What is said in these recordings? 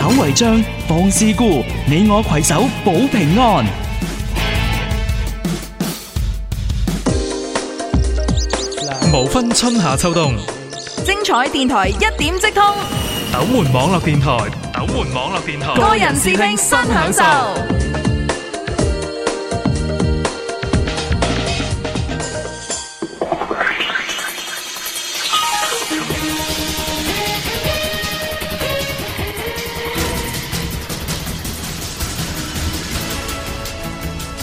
守規章，防事故，你我攜手保平安。無分春夏秋冬，精彩電台一點即通。斗門網絡電台，斗門網絡電台，個人視聽新享受。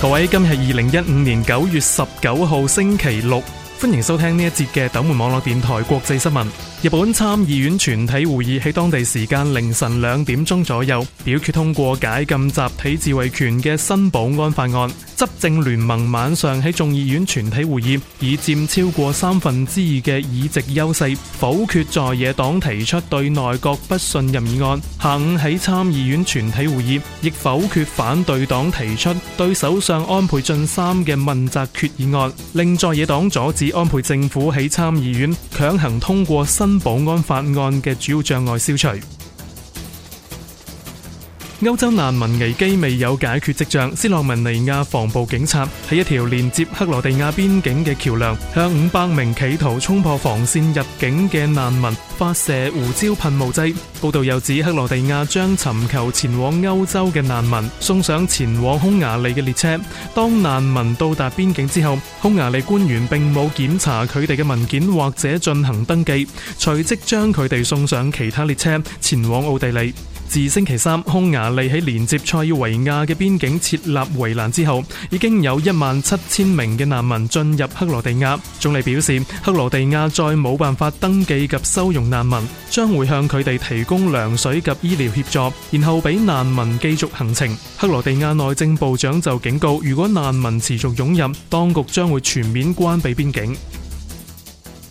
各位，今日係二零一五年九月十九號星期六，歡迎收聽呢一節嘅《斗門網絡電台國際新聞》。日本參議院全體會議喺當地時間凌晨兩點鐘左右表決通過解禁集體自衛權嘅新保安法案。執政聯盟晚上喺眾議院全體會議以佔超過三分之二嘅議席優勢否決在野黨提出對內閣不信任議案。下午喺參議院全體會議亦否決反對黨提出對首相安倍晉三嘅問責決議案，令在野黨阻止安倍政府喺參議院強行通過新。保安法案嘅主要障礙消除。歐洲難民危機未有解決跡象。斯洛文尼亞防暴警察喺一條連接克羅地亞邊境嘅橋梁，向五百名企圖衝破防線入境嘅難民發射胡椒噴霧劑。報道又指，克羅地亞將尋求前往歐洲嘅難民送上前往匈牙利嘅列車。當難民到達邊境之後，匈牙利官員並冇檢查佢哋嘅文件或者進行登記，隨即將佢哋送上其他列車，前往奧地利。自星期三，匈牙利喺連接塞爾維亞嘅邊境設立圍欄之後，已經有一萬七千名嘅難民進入克羅地亞。總理表示，克羅地亞再冇辦法登記及收容難民，將會向佢哋提供糧水及醫療協助，然後俾難民繼續行程。克羅地亞內政部長就警告，如果難民持續湧入，當局將會全面關閉邊境。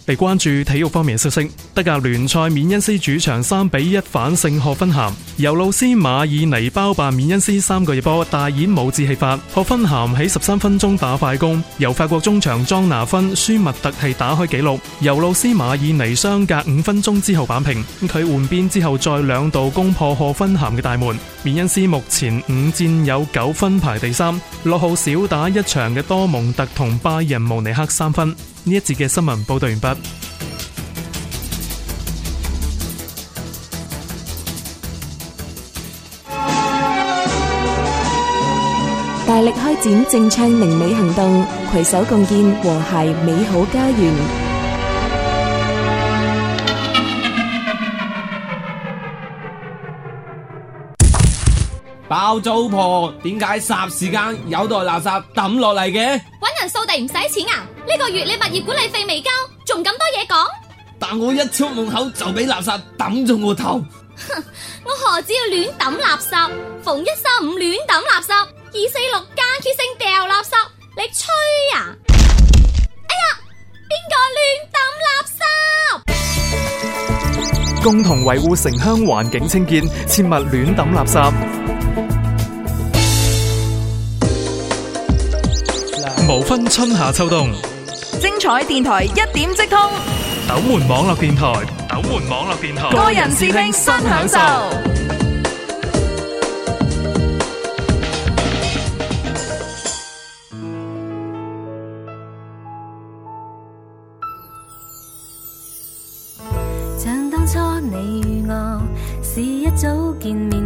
嚟關注體育方面消息，德甲聯賽緬恩斯主場三比一反勝賀芬咸，尤努斯馬爾尼包辦緬恩斯三個入波，大演武志戲法。賀芬咸喺十三分鐘打快攻，由法國中場莊拿芬、舒密特係打開紀錄，尤努斯馬爾尼相隔五分鐘之後扳平。佢換邊之後再兩度攻破賀芬咸嘅大門。緬恩斯目前五戰有九分排第三，落後少打一場嘅多蒙特同拜仁慕尼克三分。呢一節嘅新聞報道完畢。大力開展淨暢寧美行動，携手共建和諧美好家園。包租婆，點解霎時間有袋垃圾抌落嚟嘅？搵人掃地唔使錢啊！呢個月你物業管理費未交，仲咁多嘢講？但我一出門口就俾垃圾抌咗我頭。哼！我何止要亂抌垃圾？逢一三五亂抌垃圾，二四六間歇性掉垃圾，你吹呀？哎呀！邊個亂抌垃圾？共同維護城鄉環境清潔，切勿亂抌垃圾。無分春夏秋冬，精彩電台一點即通。斗門網絡電台，斗門網絡電台，個人視聽新享受。像當初你與我是一早見面。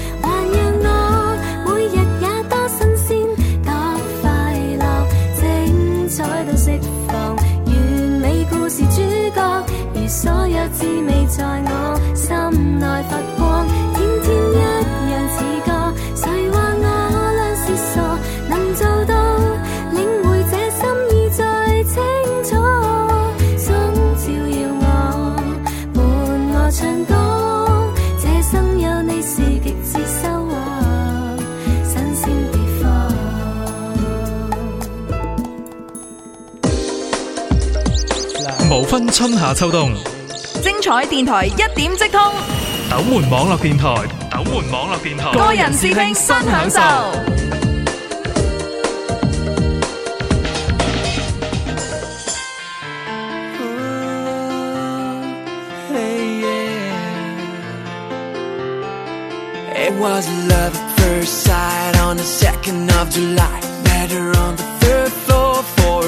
抽動，精彩電台一點即通，斗門網絡電台，斗門網絡電台，個人視聽新享受。